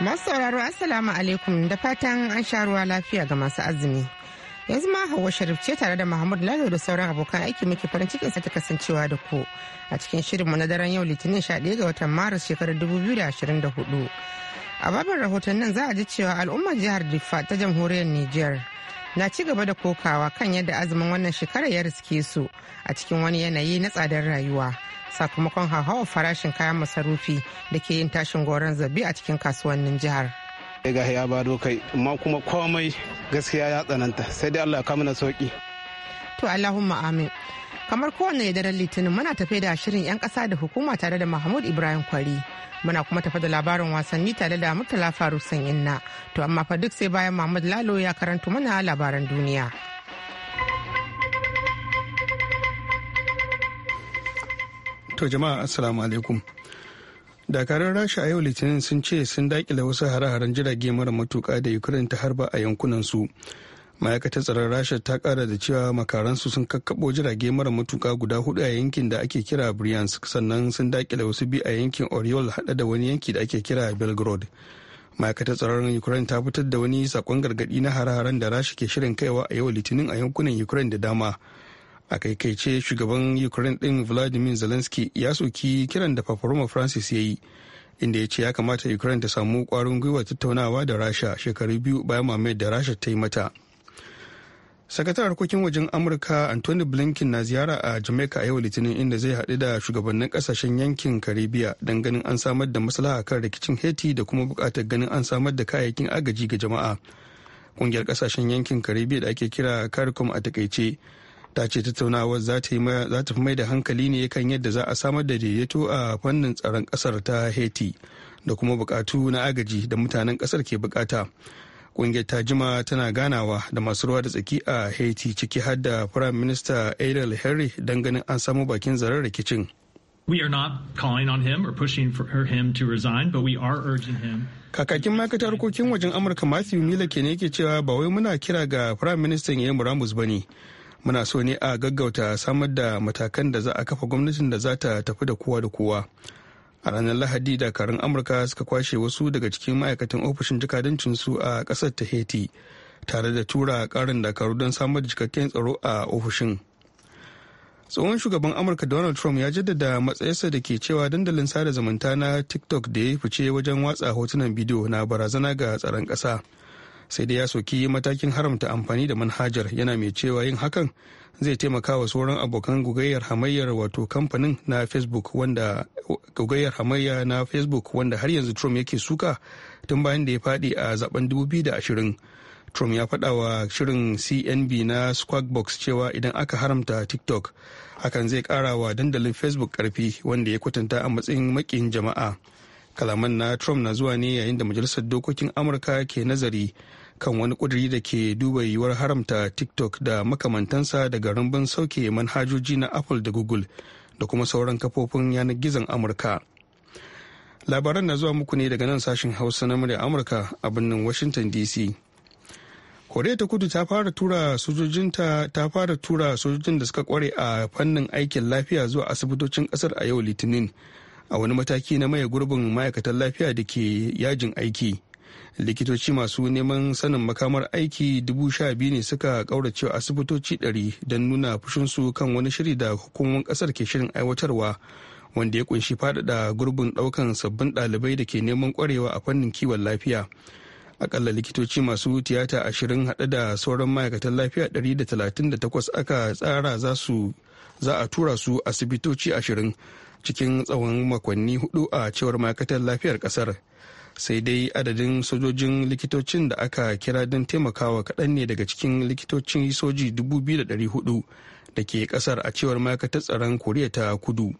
Masu sauraro Assalamu alaikum da fatan an sha ruwa lafiya ga masu azumi. Yanzu ma Hauwa Sharif ce tare da Mahmud Lalo da sauran abokan aiki muke farin cikin sa ta kasancewa da ku a cikin shirin mu na daren yau Litinin 11 ga watan Maris shekarar dubu da hudu A babin rahoton nan za a ji cewa al'ummar jihar Diffa ta jamhuriyar Nijar na ci gaba da kokawa kan yadda azumin wannan shekarar ya riske su a cikin wani yanayi na tsadar rayuwa. sakamakon hauhawar farashin kayan masarufi da ke yin tashin goron zabi a cikin kasuwannin jihar. ga ya bado kai amma kuma komai gaskiya ya tsananta sai dai Allah ya kama na sauki. To Allahumma amin. Kamar kowane daren litinin muna tafe da shirin 'yan ƙasa da hukuma tare da Mahmud Ibrahim Kwari. Muna kuma tafe da labarin wasanni tare da Murtala Faruk Sanyinna. To amma fa duk sai bayan Mahmud Lalo ya karanto mana labaran duniya. To jama'a assalamu alaikum. Dakarun Rasha a yau Litinin sun ce sun dakile wasu hare-haren jirage mara matuka da Ukraine ta harba a yankunan su. Ma'aikatar tsaron Rasha ta kara da cewa makaransu sun kakkabo jirage mara matuka guda hudu a yankin da ake kira Bryansk sannan sun dakile wasu bi a yankin Oriol hada da wani yanki da ake kira 'Belgrade'. ma'aikatar tsaron ukraine ta fitar da wani sakon gargadi na hare-haren da rasha ke shirin kaiwa a yau litinin a yankunan ukraine da dama a kaikaice shugaban ukraine din vladimir zelensky ya soki kiran da paparoma francis ya yi inda ya ce ya kamata ukraine ta samu kwarin gwiwa tattaunawa da rasha shekaru biyu bayan mamayar da rasha ta yi mata sakatar harkokin wajen amurka anthony blinken na ziyara a jamaica a yau litinin inda zai haɗu da shugabannin kasashen yankin caribbean don ganin an samar da maslaha kan rikicin haiti da kuma buƙatar ganin an samar da kayayyakin agaji ga jama'a ƙungiyar kasashen yankin caribbean da ake kira caricom a takaice ta ce tattaunawar za ta fi mai da hankali ne kan yadda za a samar da daidaito a fannin tsaron kasar ta haiti da kuma bukatu na agaji da mutanen kasar ke bukata ƙungiyar ta jima tana ganawa da masu ruwa da tsaki a haiti ciki har da prime minister adel henry don ganin an samu bakin zarar rikicin We are not calling on him or pushing for him to resign, but we are urging him. Kakakin ma'aikatar harkokin wajen Amurka Matthew Miller ke ne yake cewa ba wai muna kira ga Prime Minister Yemi Ramos ba muna so ne a gaggauta samar da matakan da za a kafa gwamnatin da za ta tafi da kowa da kowa a ranar lahadi dakarun amurka suka kwashe wasu daga cikin ma'aikatan ofishin jikadancin su a kasar ta haiti tare da tura karin dakaru don samar da cikakken tsaro a ofishin tsohon shugaban amurka donald trump ya jaddada matsayarsa da ke cewa dandalin sada zumunta na tiktok da ya fice wajen watsa hotunan bidiyo na barazana ga tsaron ƙasa. sai dai ya soki matakin haramta amfani da manhajar yana mai cewa yin hakan zai taimaka wa sauran abokan gugayyar hamayyar wato kamfanin na facebook wanda gugayyar hamayya na facebook wanda har yanzu trump yake suka tun bayan da ya fadi a zaben 2020 trump ya faɗa wa shirin cnb na squawkbox cewa idan aka haramta tiktok hakan zai ƙara wa dandalin facebook ƙarfi wanda ya kwatanta a matsayin makin jama'a kalaman na trump na zuwa ne yayin da majalisar dokokin amurka ke nazari kan wani kuduri da ke duba yiwuwar haramta tiktok da makamantansa daga rumbun sauke manhajoji na apple da google da kuma sauran kafofin yanar gizon amurka labaran na zuwa muku ne daga nan sashen hausa na murya amurka a birnin washington dc koriya ta kudu ta fara tura sojojinta ta fara tura sojojin da suka kware a fannin aikin lafiya zuwa asibitocin kasar a yau litinin a wani mataki na maye gurbin ma'aikatan lafiya da ke yajin aiki likitoci masu neman sanin makamar aiki dubu sha biyu ne suka kaurace asibitoci ɗari don nuna fushinsu kan wani shiri da hukumomin kasar ke shirin aiwatarwa wanda ya kunshi faɗaɗa gurbin ɗaukan sabbin ɗalibai da ke neman kwarewa a fannin kiwon lafiya akalla likitoci masu tiyata ashirin haɗe da sauran ma'aikatan lafiya da da talatin 138 aka tsara za a tura su asibitoci ashirin cikin tsawon makonni hudu a cewar ma'aikatar lafiyar kasar sai dai adadin sojojin likitocin da aka kira don taimakawa kaɗan ne daga cikin likitocin soji 2,400 da ke kasar a cewar ma'aikatar tsaron koriya ta kudu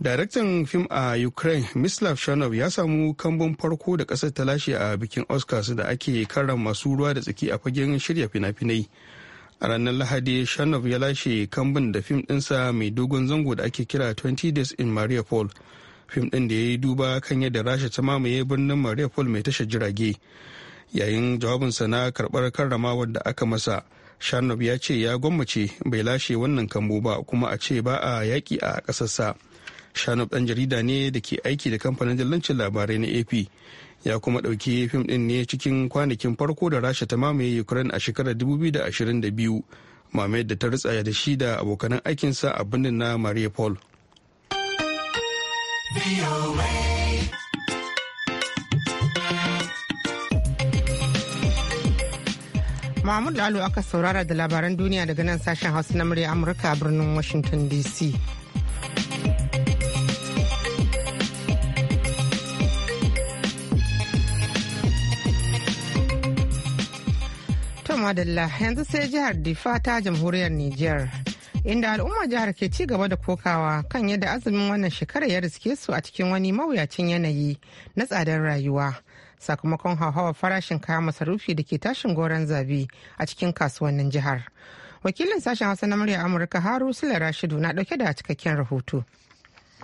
daraktan fim a ukraine mislav shanov ya samu kambun farko da kasar ta lashe a bikin oscars da ake karan masu ruwa da tsaki a fagen shirya fina-finai a ranar lahadi shanov ya lashe kambun da fim ɗinsa mai dogon zango da ake kira 20 days in mariupol fim ɗin da ya yi duba kan yadda rasha ta mamaye birnin mariupol mai tashar jirage yayin jawabinsa na karɓar karramawar da aka masa shanov ya ce ya gwammace bai lashe wannan kambu ba kuma a ce ba a yaƙi a ƙasarsa shanov ɗan jarida ne da ke aiki da kamfanin dillancin labarai na ap ya kuma ɗauki fim ɗin ne cikin kwanakin farko da rasha ta mamaye ukraine a shekarar 2022 mamayar da ta ritsaya da shi da abokanan aikinsa a birnin na maria paul Mahmud Lalo aka saurara da labaran duniya daga nan sashen hausa na murya Amurka a birnin Washington DC. madalla yanzu sai jihar Difa ta jamhuriyar Nijar. Inda al'ummar jihar ke ci gaba da kokawa kan yadda azumin wannan shekarar ya riske su a cikin wani mawuyacin yanayi na tsadar rayuwa. Sakamakon hauhawar farashin kayan masarufi da ke tashin goron zabi a cikin kasuwannin jihar. Wakilin sashen Hausa na murya Amurka Haru Sule Rashidu na dauke da cikakken rahoto.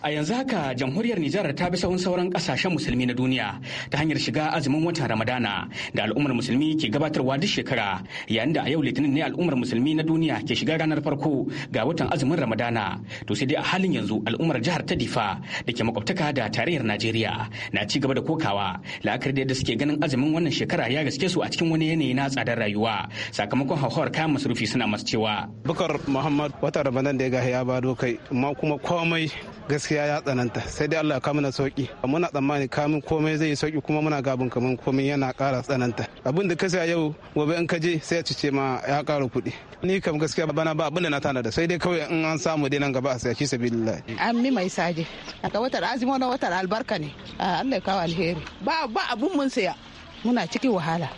A yanzu haka jamhuriyar Nijar ta bi sahun sauran kasashen musulmi na duniya ta hanyar shiga azumin watan Ramadana da al'ummar musulmi ke gabatarwa duk shekara yayin da a yau litinin ne al'ummar musulmi na duniya ke shiga ranar farko ga watan azumin Ramadana to sai dai a halin yanzu al'ummar jihar ta Difa da ke makwabtaka da tarayyar Najeriya na ci gaba da kokawa la'akari da yadda suke ganin azumin wannan shekara ya gaske su a cikin wani yanayi na tsadar rayuwa sakamakon hauhawar kayan masarufi suna masu cewa. Bukar Muhammad watan Ramadan da ya ga ya bado kai kuma komai gaskiya gaskiya ya tsananta sai dai Allah ya kawo mana sauki muna tsammani kamun komai zai yi sauki kuma muna gabin kamun komai yana ƙara tsananta abin da ka saya yau gobe in ka je sai a cice ma ya ƙara kuɗi ni kam gaskiya bana ba abin da na tana da sai dai kawai in an samu dai nan gaba a saya shi lillahi. an mi mai saje aka watar azumi wannan watar albarka ne ah, Allah ya kawo alheri ba ba abun mun saya muna cikin wahala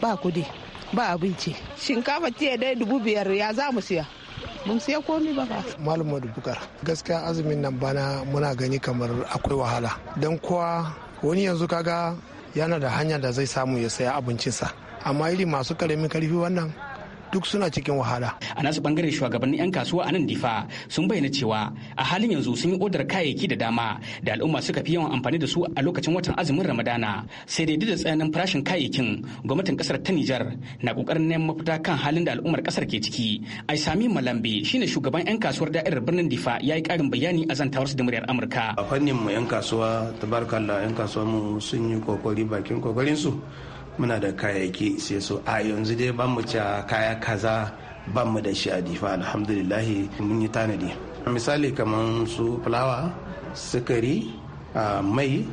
ba kudi ba abinci shinkafa tiya dai dubu biyar ya za mu siya mun siya komi ba ba malam bukar gaskiya azumin nan bana muna gani kamar akwai wahala don kuwa wani yanzu kaga yana da hanya da zai samu ya saya abincinsa amma iri masu karamin karfi wannan duk suna cikin wahala a nasu bangaren shugabannin 'yan kasuwa a nan difa sun bayyana cewa a halin yanzu sun yi odar kayayyaki da dama da al'umma suka fi yawan amfani da su a lokacin watan azumin ramadana sai dai da tsananin farashin kayayyakin gwamnatin kasar ta nijar na kokarin neman mafita kan halin da al'ummar kasar ke ciki ai sami malambe shine shugaban 'yan kasuwar da'irar birnin difa ya yi karin bayani a zantawarsu da muryar amurka a fannin mu 'yan kasuwa tabarakallah 'yan kasuwa mu sun yi kokari bakin kokarin su muna da kayayyaki sai so a yanzu dai ban mu ca kaya kaza ban mu da shi a difa alhamdulillah mun yi tanadi misali kaman su fulawa sukari mai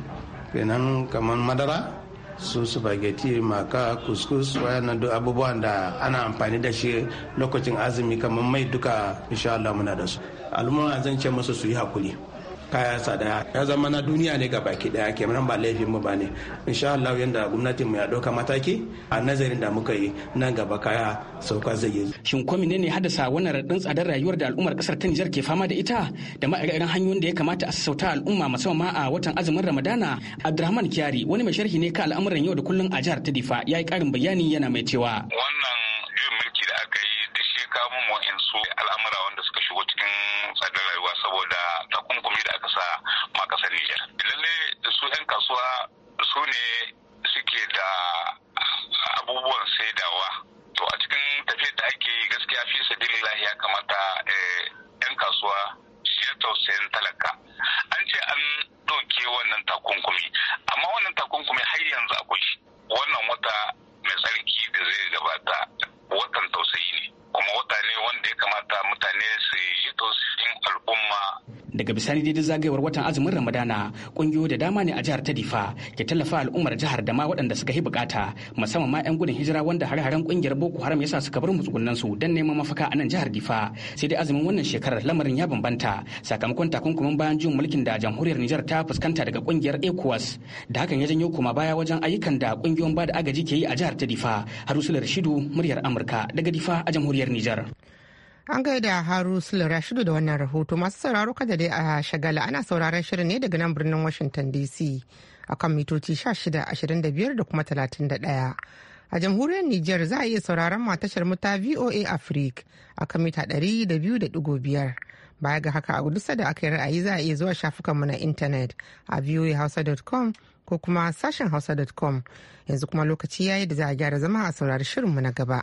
kenan kaman madara su spaghetti maka kuskus wayannan duk abubuwan da ana amfani da shi lokacin azumi kamar mai duka insha Allah muna da su al'umma zan ce musu su yi hakuri kayansa da ya zama na duniya ne ga baki daya ke ba laifin mu bane insha Allah yanda gwamnatin mu ya dauka mataki a nazarin da muka yi nan gaba kaya sauka zai yi shin ko menene haddasa wannan radin tsadar rayuwar da al'ummar kasar ta Nijar ke fama da ita da ma'aikatan hanyoyin da ya kamata a sassauta al'umma musamman ma a watan azumin Ramadana Abdulrahman Kyari wani mai sharhi ne ka al'amuran yau da kullun a jihar ta Difa yayi karin bayani yana mai cewa wannan juyin mulki da aka yi duk shi kawo mu al'amura wanda suka shigo cikin tsadar rayuwa saboda takunkumi da kasa ma kasar niger Lalle su 'yan kasuwa su ne suke da abubuwan saidawa. To a cikin tafiyar da ake gaskiya fi sabilillahi ya kamata 'yan eh, kasuwa shi ya tausayin talaka. An ce an ɗauke wannan takunkumi, amma wannan takunkumi har yanzu akwai wannan wata mai tsarki da zai gabata watan tausayi ne, kuma wata ne wanda ya kamata mutane daga bisani daidai zagayewar watan azumin ramadana kungiyoyi da dama ne a jihar ta difa ke tallafa al'ummar jihar da ma waɗanda suka yi bukata musamman ma 'yan gudun hijira wanda hare-haren kungiyar boko haram yasa suka bar musgunan su don neman mafaka a nan jihar difa sai dai azumin wannan shekarar lamarin ya bambanta sakamakon takunkumin bayan jin mulkin da jamhuriyar nijar ta fuskanta daga kungiyar ecowas da hakan ya janyo kuma baya wajen ayyukan da kungiyoyin ba da agaji ke yi a jihar ta difa harusular shidu muryar amurka daga difa a jamhuriyar nijar An gaida Haru Sule Rashidu da wannan rahoto masu sauraro kada dai a shagala ana sauraron shirin ne daga nan birnin Washington DC a kan mitoci 1625 da kuma 31. A jamhuriyar Nijar za a iya sauraron matashar muta VOA Africa kan mita 200.5. Baya ga haka a gudusa da aka yi ra'ayi za a iya zuwa shafukanmu na intanet a voahausa.com ko kuma sashen hausa.com yanzu kuma lokaci yayi da za a gyara zama a saurari shirinmu na gaba.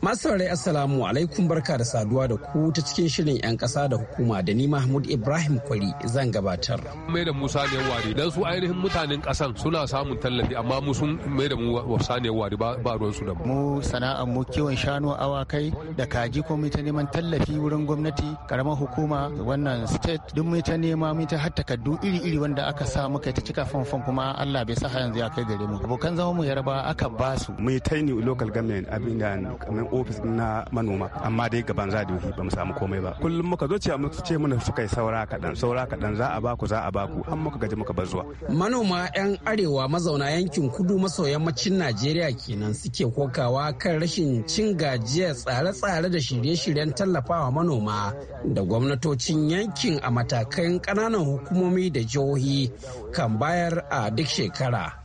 masarai Assalamu alaikum barka da saduwa da ku ta cikin shirin 'yan kasa da hukuma da ni Mahmud Ibrahim Kwari zan gabatar. Mai da Musa ne wari dan su ainihin mutanen ƙasan suna samun tallafi amma mu sun mai da mu wasa ne wari ba ruwan su da mu. Mu sana'ar mu kiwon shanu awakai da kaji ko mu ta neman tallafi wurin gwamnati karamar hukuma wannan state duk mu ta nema mu ta har takardu iri-iri wanda aka sa muka ta cika fanfan kuma Allah bai sa yanzu ya kai gare mu. Abokan zama mu yarba aka ba ba su mai taini local government abin da kamar office na manoma amma dai gaban za da ba mu samu komai ba kullum muka zo cewa muka ce muna suka yi saura kaɗan saura kaɗan za a baku za a baku an muka gaji muka bar zuwa. manoma 'yan arewa mazauna yankin kudu maso yammacin najeriya kenan suke kokawa kan rashin cin gajiya tsare-tsare da shirye-shiryen tallafawa manoma da gwamnatocin yankin a matakan ƙananan hukumomi da jihohi kan bayar a duk shekara.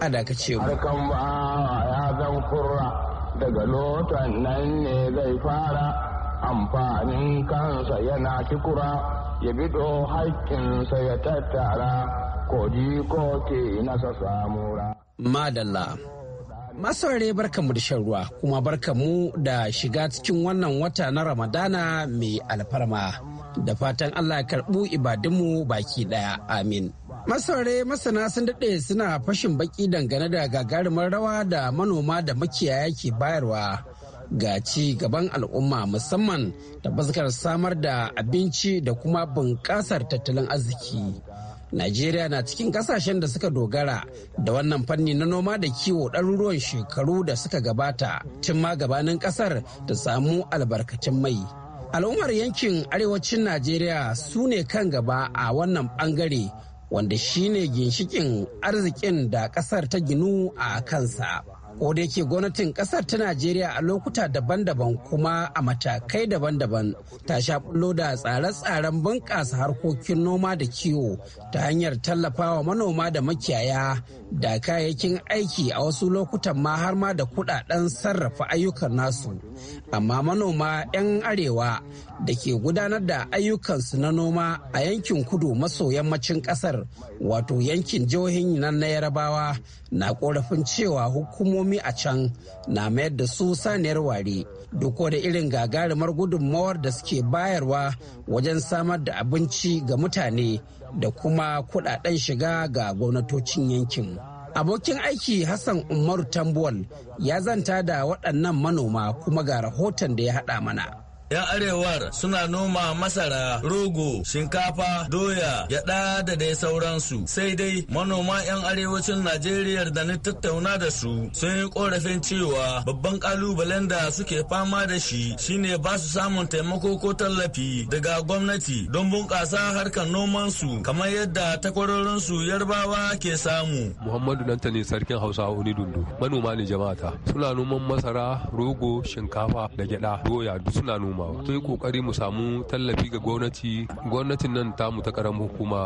Ada ka ce Harkan ba ya zan kurra daga lotan nan ne zai fara amfanin kansa yana kikura ya bido haƙƙinsa ya tattara koji ko ke nasa samura. Madalla. Masaurare barkanmu da shan ruwa kuma barkanmu da shiga cikin wannan wata na Ramadana mai alfarma. Da fatan Allah ya karɓu ibadunmu baki ɗaya. Amin. Masaure masana sun daɗe suna fashin baki dangane da gagarumar rawa da manoma da makiyaya ke bayarwa ga ci gaban al'umma musamman da bazkar samar da abinci da kuma bunƙasar tattalin arziki. Najeriya na cikin kasashen da suka dogara da wannan fanni na noma da kiwo ɗaruruwan shekaru da suka gabata tun ma gabanin ƙasar ta samu albarkacin mai. Al'ummar yankin arewacin Najeriya su ne kan gaba a wannan ɓangare wanda shine ginshikin arzikin da kasar ta ginu a kansa da yake gwamnatin kasar ta najeriya a lokuta daban-daban kuma a matakai daban-daban ta sha bullo da tsare-tsaren bunƙasa harkokin noma da kiwo ta hanyar tallafawa manoma da makiyaya da kayayyakin aiki a wasu lokutan ma har ma da kudaden sarrafa ayyukan nasu amma manoma 'yan arewa da ke gudanar da ayyukansu na noma a yankin kudu maso yammacin kasar wato yankin jihohin nan na yarabawa na korafin cewa hukumomi a can na mayar da su saniyar ware duk da irin gagarumar gudunmawar da suke bayarwa wajen samar da abinci ga mutane da kuma kudaden shiga ga gwamnatocin yankin. Abokin aiki Hassan Umaru Tambuwal ya zanta da waɗannan manoma kuma ga rahoton da ya haɗa mana. 'Yan arewar suna noma masara, rogo, shinkafa, doya, gyaɗa da dai sauransu. Sai dai manoma 'yan arewacin Najeriya da na tattauna da su sun yi korafin cewa babban kalubalen da suke fama da shi shine ba su samun taimako ko tallafi daga gwamnati don bunƙasa harkar nomansu kamar yadda takwarorinsu yarbawa ke samu. Muhammadu ne sarkin Hausa wani Dundu manoma ne jama'ata suna noman masara, rogo, shinkafa da gyada doya duk suna noma. komawa to yi kokari mu samu tallafi ga gwamnati gwamnatin nan ta mu ta karamin hukuma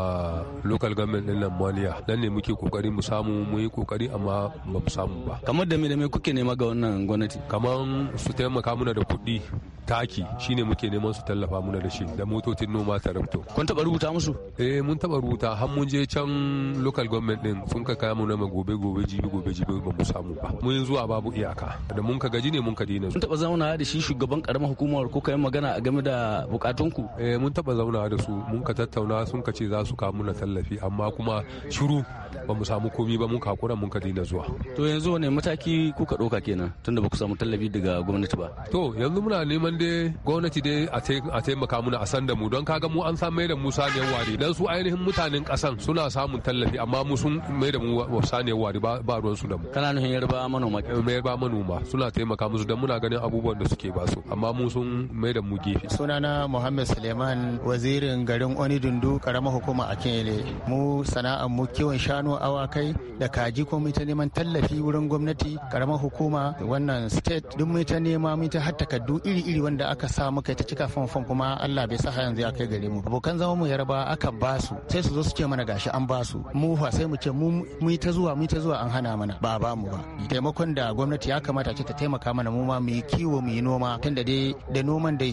local government din nan maliya nan ne muke kokari mu samu mu yi kokari amma ba mu samu ba kamar da me da me kuke nema ga wannan gwamnati kamar su taimaka mana da kuɗi taki shine muke neman su tallafa muna da shi da motocin noma tarabto kun taba rubuta musu eh mun taba rubuta har mun je can local government din sun ka kaya mu na gobe gobe jibi gobe jibi ba mu samu ba mun zuwa babu iyaka da mun ka gaji ne mun ka dina Mun taba zauna da shi shugaban karamar hukumar ko kai magana a game da bukatunku eh mun taba zauna da su mun ka tattauna sun ka ce za su kawo muna tallafi amma kuma shiru ba mu samu komi ba mun ka kakura mun ka dina zuwa to yanzu ne mataki kuka doka kenan tunda ba ku samu tallafi daga gwamnati ba to yanzu muna neman don dai gwamnati dai a taimaka muna a san da mu don kaga mu an san mai da mu saniyar wari dan su ainihin mutanen kasan suna samun tallafi amma mu sun mai da mu saniyar wari ba ruwan su da mu kana nufin yarba manoma yarba manoma suna taimaka musu don muna ganin abubuwan da suke su amma mu sun mai da mu gefe sunana Muhammad Suleiman wazirin garin Oni Dundu karamar hukuma a Kenyele mu sana'ar mu kiwon shanu awakai da kaji ko mu ta neman tallafi wurin gwamnati karamar hukuma wannan state duk mu ta nema mu ta har takardu iri-iri wanda aka sa muka ta cika fanfan kuma Allah bai sa yanzu ya kai gare mu abokan zama mu yarba aka ba su sai su zo su ce mana gashi an ba su mu fa sai mu ce mu yi ta zuwa mu yi ta zuwa an hana mana ba ba mu ba taimakon da gwamnati ya kamata ce ta taimaka mana mu ma mu yi kiwo mu yi noma tunda dai da noman da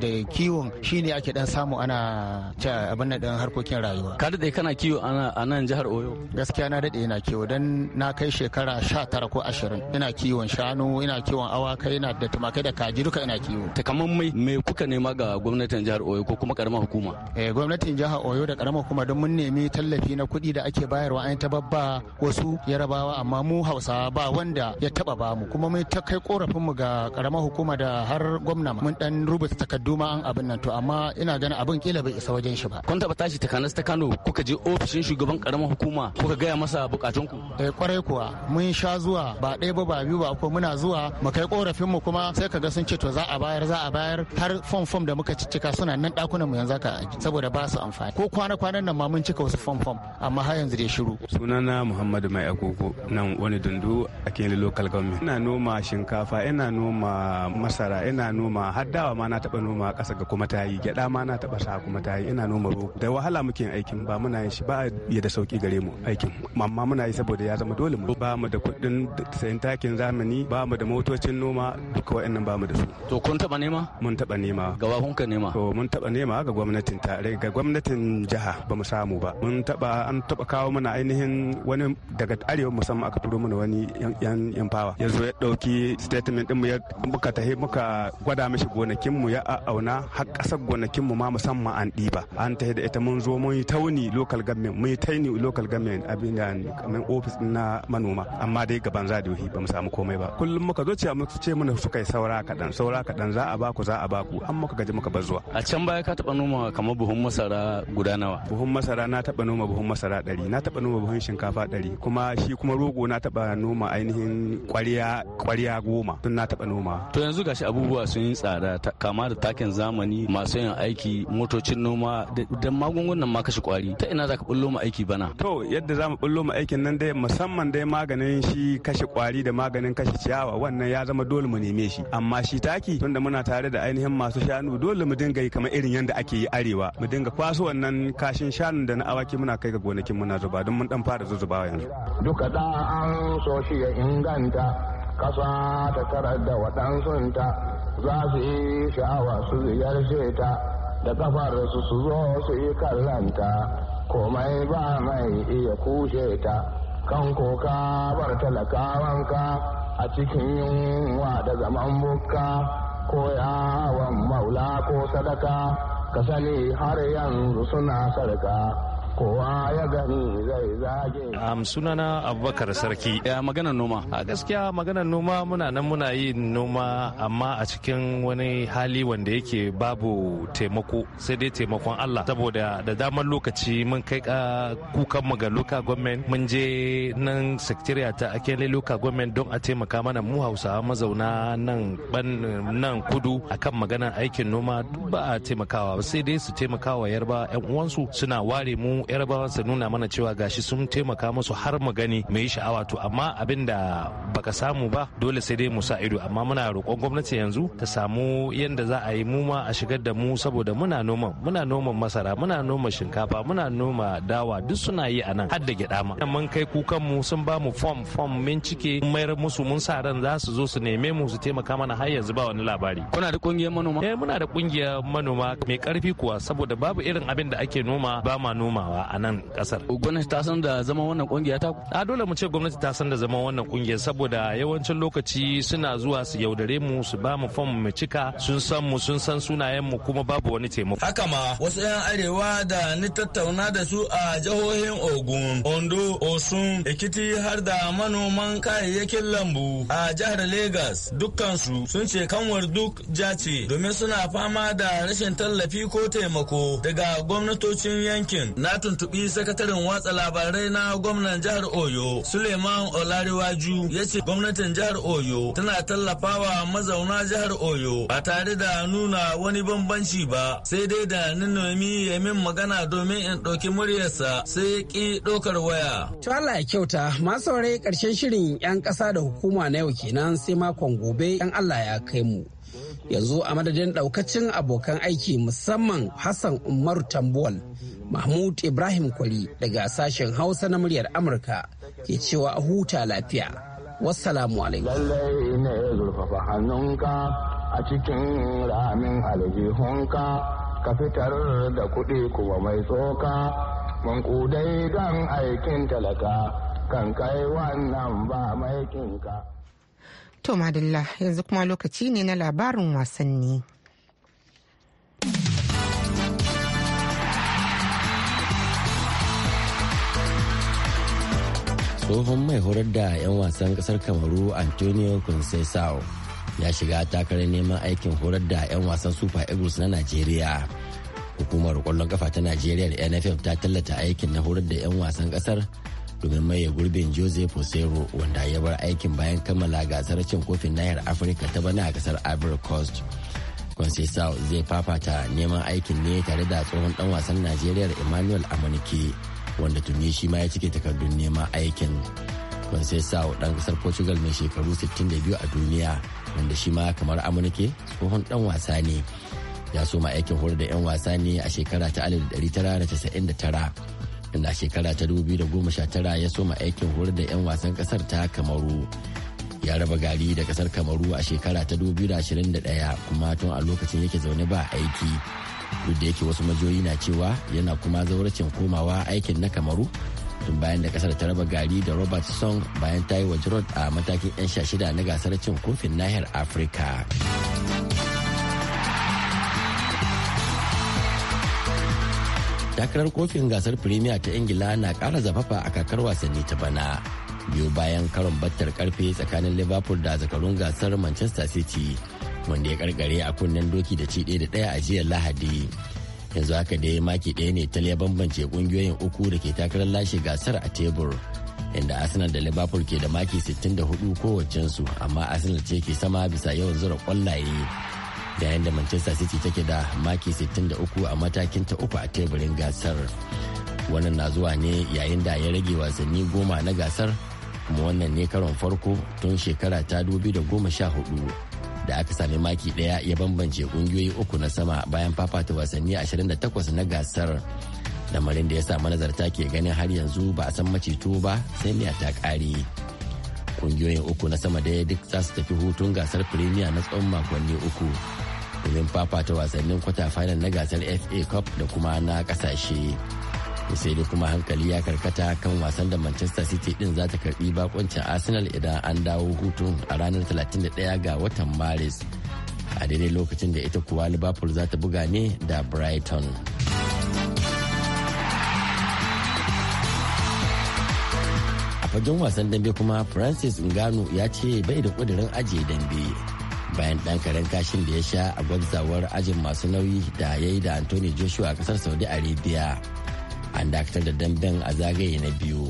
da kiwon shine ake dan samu ana ta abin nan dan harkokin rayuwa ka dade kana kiwo a nan jihar Oyo gaskiya na dade ina kiwo dan na kai shekara 19 ko 20 ina kiwon shanu ina kiwon awakai ina da tumakai da kaji duka ina kiwo mai me kuka nema ga gwamnatin jihar Oyo ko kuma karamar hukuma eh gwamnatin jihar Oyo da karamar hukuma don mun nemi tallafi na kuɗi da ake bayarwa an ta babba wasu yarabawa amma mu Hausawa ba wanda ya taba ba mu kuma mun ta kai korafin mu ga karamar hukuma da har gwamna mun dan rubuta takardu ma an abin nan to amma ina ganin abin kila bai isa wajen shi ba kun taba tashi ta kanas ta Kano kuka je ofishin shugaban karamar hukuma kuka gaya masa bukatun ku eh kwarai kuwa mun sha zuwa ba ɗaya ba ba biyu ba ko muna zuwa mu kai korafin mu kuma sai kaga sun ce to za a bayar za a bayar har fom fom da muka cika suna nan dakunan mu yanzu ka saboda ba su amfani ko kwana kwanan nan ma mun cika wasu fom fom amma har yanzu dai shiru sunana muhammadu mai agogo nan wani dundu a kele local government ina noma shinkafa ina noma masara ina noma har dawa ma na taba noma kasa ga kuma tayi gyada ma na taba sa kuma tayi ina noma rogo da wahala muke aikin ba muna yin shi ba ya da sauki gare mu aikin amma muna yi saboda ya zama dole mu ba mu da kuɗin sayan takin zamani ba mu da motocin noma duka wa'annan ba mu da su to kun taba nema mun taba nema gawa kun ka nema to mun taba nema ga gwamnatin tare eh, ga gwamnatin jiha ba mu samu ba mun taba an taba kawo mana ainihin wani daga arewa musamman aka turo mana wani yan yan fawa ya zo ya dauki statement din mu ya muka tahi muka gwada mishi gonakin mu ya auna har kasar gonakin mu ma musamman an diba an tahi da ita mun zo mun yi tauni local government mun yi tauni local government abin da kamar office na manoma amma dai gaban zadiyohi ba mu samu komai ba kullum muka zo ce muka ce mana suka yi saura kadan saura kaɗan za a baku za a baku an muka gaji muka bar zuwa. a can baya ka taɓa noma kamar buhun masara guda nawa. buhun masara na taɓa noma buhun masara ɗari na taɓa noma buhun shinkafa ɗari kuma shi kuma rogo na taɓa noma ainihin ƙwariya ƙwariya goma tun na taɓa noma. to yanzu gashi abubuwa sun yi tsada kama da takin zamani masu yin aiki motocin noma da magungunan ma kashe ƙwari ta ina za ka ɓullo ma aiki bana. to yadda za mu ɓullo ma aikin nan dai musamman dai maganin shi kashe ƙwari da maganin kashe ciyawa wannan ya zama dole mu neme shi amma shi taki tunda muna tare da ainihin masu shanu dole mu dinga yi kamar irin yadda ake yi arewa mu dinga kwaso wannan kashin shanun da na awaki muna kai ga gonakin muna zuba don mun dan fara zuzuba yanzu duka da an so shi ya inganta kasa ta tarar da waɗansunta za su yi sha'awa su ziyarce ta da kafar su su zo su yi kallanta komai ba mai iya kushe ta kan koka bar talakawanka a cikin yunwa da zaman bukka ko yawon maula ko sadaka ka sani har yanzu suna sarka kowa ya gani zai zage. Um, sunana Abubakar Sarki. Ya magana noma. A gaskiya maganar noma muna nan muna yin noma amma a cikin wani hali wanda yake babu taimako sai dai taimakon Allah saboda da damar lokaci mun kai kukan mu ga local government mun je nan secretariat ta akele local government don a taimaka mana mu Hausawa mazauna nan ban nan kudu akan maganar aikin noma ba a taimakawa sai dai su taimakawa yarba yan uwansu suna ware mu yar su nuna mana cewa gashi sun taimaka musu har mu gani mu yi sha'awa to amma abin da baka samu ba dole sai dai mu sa ido amma muna roƙon gwamnati yanzu ta samu yanda za a yi mu ma a shigar da mu saboda muna noman muna noman masara muna noma shinkafa muna noma dawa duk suna yi a nan har da gida ma mun kai kukan mu sun ba mu fom fom min cike mayar musu mun sa ran za su zo su neme mu su taimaka mana har yanzu ba wani labari kuna da kungiyar manoma eh muna da kungiyar manoma mai karfi kuwa saboda babu irin abin da ake noma ba ma noma a nan kasar gwamnati ta san da zaman wannan kungiya ta a dole mu ce gwamnati ta san da zaman wannan kungiya saboda yawancin lokaci suna zuwa su yaudare mu su ba mu fam mu cika sun san mu sun san sunayen mu kuma babu wani taimako haka ma wasu yan arewa da ni tattauna da su a jihohin Ogun Ondo Osun Ekiti har da manoman kayayyakin lambu a jihar Legas dukkansu sun ce kanwar duk jace domin suna fama da rashin tallafi ko taimako daga gwamnatocin yankin na tuntuɓi sakataren watsa labarai na gwamnan jihar Oyo, Suleiman Olariwaju ya ce gwamnatin jihar Oyo tana tallafawa mazauna jihar Oyo ba tare da nuna wani bambanci ba sai dai da ninomi ya min magana domin in ɗauki muryarsa sai ya ƙi ɗaukar waya. To Allah ya kyauta masu saurayi ƙarshen shirin 'yan ƙasa da hukuma na yau kenan sai makon gobe 'yan Allah ya kai mu. yanzu a madadin daukacin abokan aiki musamman hassan umar tambuwal mahmud ibrahim kwari daga sashen hausa na muryar amurka ke cewa a huta lafiya wassalamu alaikum a cikin ramin aljihunka ka fitar da kuɗi kuma mai tsoka mankudai don aikin talaka kan kai wannan ba kinka. To madalla yanzu kuma lokaci ne na labarin wasanni. tsohon mai horar da 'yan wasan kasar kamaru antonio Conceição ya shiga takarar neman aikin horar da 'yan wasan super eagles na Najeriya. hukumar kwallon kafa ta Najeriya da nff ta tallata aikin na horar da 'yan wasan kasar domin maye gurbin jose posero wanda ya bar aikin bayan kammala gasar cin kofin nahiyar afirka ta bana a kasar ivory coast Conceição zai fafata neman aikin ne tare da tsohon dan wasan Najeriya Emmanuel Amunike wanda tuni shi ma ya cike takardun neman aikin. Conceição dan kasar Portugal mai shekaru 62 a duniya wanda shi ma kamar Amunike tsohon dan wasa ne. Ya soma aikin horar da 'yan wasa ne a shekara ta 1999 na shekara ta 2019 ya soma aikin horar da 'yan wasan kasar ta kamaru ya raba gari da kasar kamaru a shekara ta 2021 kuma tun a lokacin yake zaune ba aiki duk da yake wasu majoyi na cewa yana kuma zauracin komawa aikin na kamaru tun bayan da kasar ta raba gari da robert song bayan ta yi wa a matakin 'yan sha shida na gasar cin kofin nahiyar afirka. takarar kofin gasar premier ta ingila na kara zafafa a kakar wasanni ta bana biyu bayan karon battar karfe tsakanin liverpool da zakarun gasar manchester city wanda ya karkare a kunnen doki da ci ɗaya da ɗaya a jiya lahadi yanzu haka dai maki ɗaya ne ta ya bambance kungiyoyin uku da ke takarar lashe gasar a tebur inda arsenal da liverpool ke da maki 64 kowacensu amma arsenal ce ke sama bisa yawan zura kwallaye yayin da manchester city take da maki 63 a matakin ta uku a teburin gasar wannan na zuwa ne yayin da ya rage wasanni goma na gasar kuma wannan ne karon farko tun shekara ta 2014 da aka sami maki daya ya bambance kungiyoyi uku na sama bayan fafata wasanni 28 na gasar lamarin da ya sa manazarta ke ganin har yanzu ba a san maceto ba sai ne a ta kare kungiyoyin uku na sama daya duk za su tafi hutun gasar premier na tsawon makonni uku domin fafata wasannin kwata final na gasar fa cup da kuma na kasashe sai dai kuma hankali ya karkata kan wasan da manchester city din za ta karbi bakuncin arsenal idan an dawo hutun a ranar 31 ga watan maris a daidai lokacin da ita kuwa liverpool za ta buga ne da brighton a fagen wasan dambe kuma francis ngannou ya ce bai da kudirin ajiye dambe bayan dan karen kashin da ya sha a gwabzawar ajin masu nauyi da ya yi da Anthony Joshua a kasar Saudi Arabia. An dakatar da damben a zagaye na biyu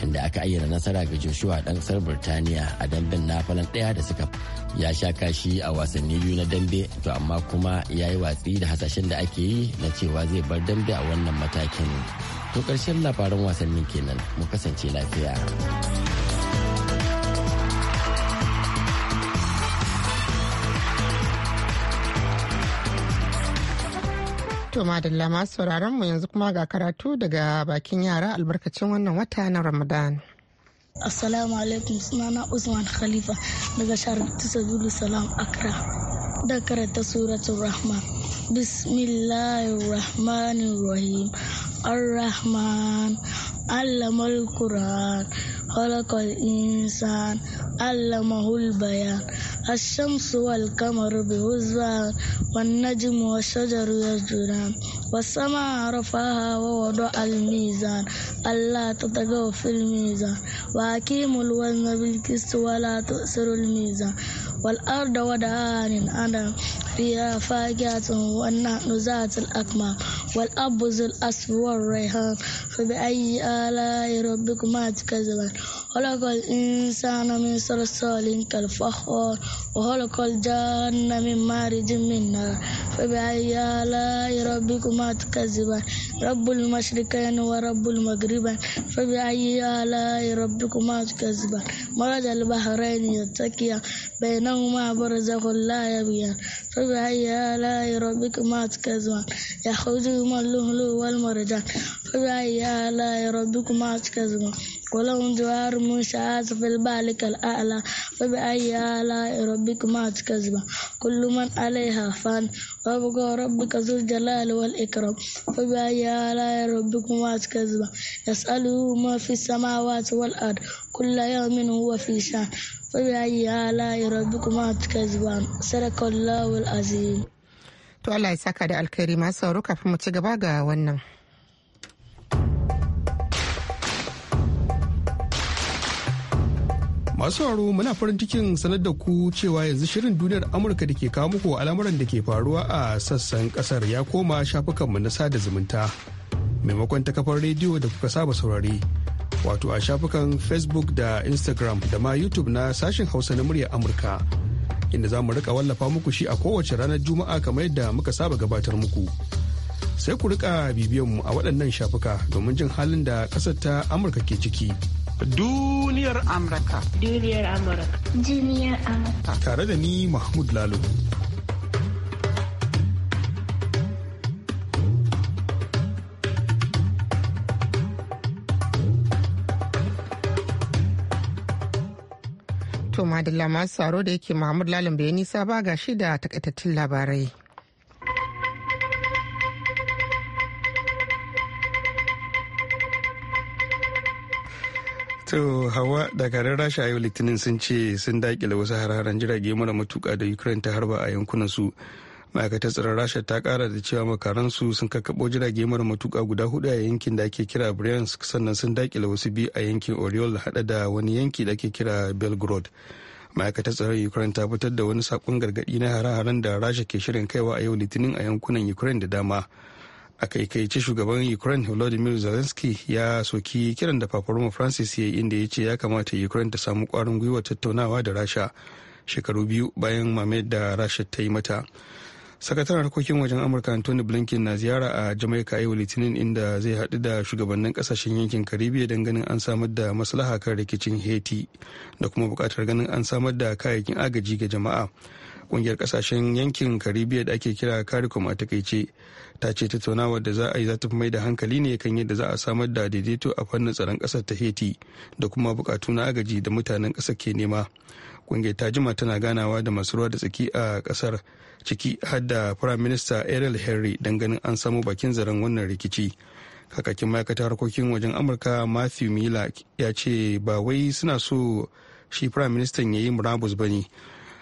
inda aka ayyana nasara ga Joshua dan kasar Birtaniya a damben na falon daya da suka ya sha kashi a wasanni biyu na dambe to amma kuma ya yi watsi da hasashen da ake yi na cewa zai bar dambe a wannan matakin. To karshen labaran wasannin kenan mu kasance lafiya. To madalla masu sauraron mu yanzu kuma ga karatu daga bakin yara albarkacin wannan wata na Ramadan. Assalamu alaikum sunana Usman Khalifa daga shahar Tusa Salam Accra. Da karanta suratul Rahman. Bismillahirrahmanirrahim. Ar-Rahman. Allamal Qur'an. Khalaqal insan. Allamahul bayan. الشمس والقمر بهزان والنجم والشجر يسجدان والسماء رفعها ووضع الميزان ألا تطغوا في الميزان وأقيموا الوزن بالقسط ولا تؤسروا الميزان والأرض ودان أنا فيها فاكهة والنحل ذات الأكمام والأبز الأسف والريحان فبأي آلاء ربكما تكذبان خلق الإنسان من صلصال كالفخار وخلق الجنة من مارج من نار فبأي آلاء ربكما تكذبان رب المشرقين ورب المغربين فبأي آلاء ربكما تكذبان مرج البحرين يتكيا بين بينهما برزخ لا يبيان فبأي آلاء ربكما تكذبان يخرج من اللؤلؤ والمرجان فبأي آلاء ربكما تكذبان ولهم جوار منشآت في البالك كالأعلى فبأي آلاء ربكما تكذبان كل من عليها فان وابقى ربك ذو الجلال والإكرام فبأي آلاء ربكما تكذبان يسأله ما في السماوات والأرض كل يوم هو في شان fabiyayi halaye rabbi kuma tuka zuba sadakallahu azim to Allah ya saka da alkhairi masu sauro kafin mu ci gaba ga wannan masu sauraro muna farin cikin sanar da ku cewa yanzu shirin duniyar amurka da ke kawo muku al'amuran da ke faruwa a sassan kasar ya koma shafukanmu na sada zumunta maimakon ta kafar rediyo da kuka saba saurare wato a shafukan facebook da instagram da ma youtube na sashen hausa na muryar amurka inda za mu rika wallafa muku shi a kowace ranar juma'a kamar yadda muka saba gabatar muku sai ku rika bibiyan mu a waɗannan shafuka domin jin halin da ƙasar ta amurka ke ciki duniyar amurka duniyar amurka duniyar amurka tare da ni mahmud lalo madalla masu tsaro da yake mahmud lalim bai nisa ba ga shi da takaitattun labarai To hawa dakarun rasha yau litinin sun ce sun dakile wasu hararen jirage mara matuka da ukraine ta harba a yankunan su ma'aikatar tsaron rasha ta kara da cewa makaransu sun kakkabo jirage mara matuka guda hudu a yankin da ake kira bryansk sannan sun dakile wasu biyu a yankin oriol hada da wani yanki da ake kira belgrade ma'aikatar tsaron ukraine ta fitar da wani sakon gargadi na hare-haren da rasha ke shirin kaiwa a yau litinin a yankunan ukraine da dama a kaikaice shugaban ukraine volodymyr zelensky ya soki kiran da paparoma francis ya yi inda ya ce ya kamata ukraine ta samu kwarin gwiwa tattaunawa da rasha shekaru biyu bayan mamayar da rasha ta yi mata sakataren harkokin wajen amurka anthony blinken na ziyara a jamaica yau litinin inda zai haɗu da shugabannin kasashen yankin karibiya don ganin an samar da maslaha kan rikicin haiti da kuma buƙatar ganin an samar da kayayyakin agaji ga jama'a kungiyar kasashen yankin karibiya da ake kira caricom a takaice ta ce tattaunawar da za a yi za ta fi mai da hankali ne kan yadda za a samar da daidaito a fannin tsaron ƙasar ta haiti da kuma buƙatu na agaji da mutanen ƙasar ke nema kungiyar ta jima tana ganawa da masu ruwa da tsaki a kasar. ciki har da prime minister ariel henry don ganin an samu bakin zaren wannan rikici kakakin ma'aikatar harkokin wajen amurka matthew miller ya ce ba wai suna so shi prime minister ya yi murabus ba ne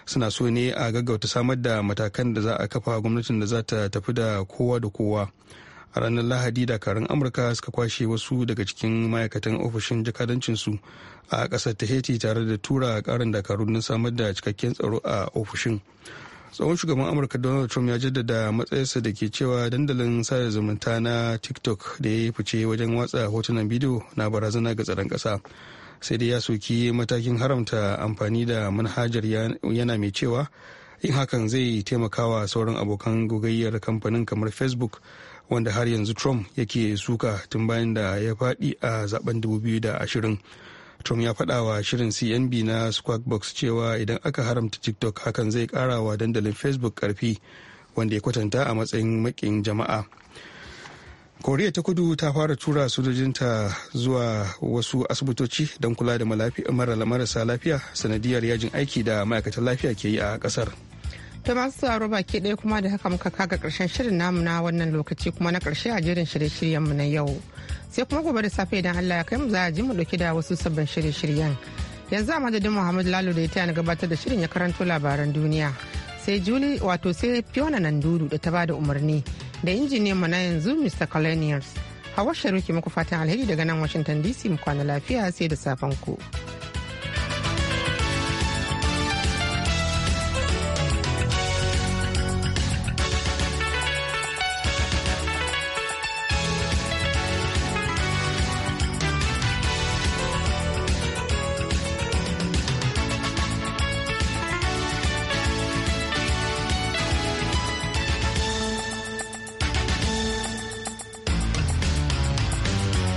suna so ne a gaggauta samar da matakan da za a kafa gwamnatin da za ta tafi da kowa da kowa a ranar lahadi da karin amurka suka kwashe wasu daga cikin ma'aikatan ofishin jakadancinsu a ƙasar tahiti tare da tura karin dakaru na samar da cikakken tsaro a ofishin tsohon shugaban amurka donald trump ya jaddada matsayarsa da ke cewa dandalin sada zumunta na tiktok da ya yi fice wajen watsa hotunan bidiyo na barazana ga tsaron kasa sai dai ya soki matakin haramta amfani da manhajar yana mai cewa yin hakan zai taimakawa sauran abokan gogayyar kamfanin kamar facebook wanda har yanzu trump yake suka tun bayan da ya faɗi a zaben 2020 Trump ya faɗa wa shirin CNB na Squawkbox cewa idan aka haramta TikTok hakan zai ƙara wa dandalin Facebook karfi wanda ya kwatanta a matsayin makin jama'a. Koriya ta kudu ta fara tura sojojinta zuwa wasu asibitoci don kula da marasa lafiya sanadiyar yajin aiki da ma'aikatan lafiya ke yi a kasar. ta masu sauraro baki ɗaya kuma da haka muka kaga karshen shirin namu na wannan lokaci kuma na karshe a jerin shirye-shiryenmu na yau. sai kuma gobe da safe idan Allah ya kai mu za a ji mu dauki da wasu sabbin shirye-shiryen yanzu a madadin Muhammadu Lalo da ya taya na gabatar da shirin ya karanto labaran duniya sai juli wato sai Fiona Nanduru da ta bada umarni da injiniyan mu na yanzu Mr. Colonials Hawa Sharuki muku fatan alheri daga nan Washington DC mu kwana lafiya sai da safen ku.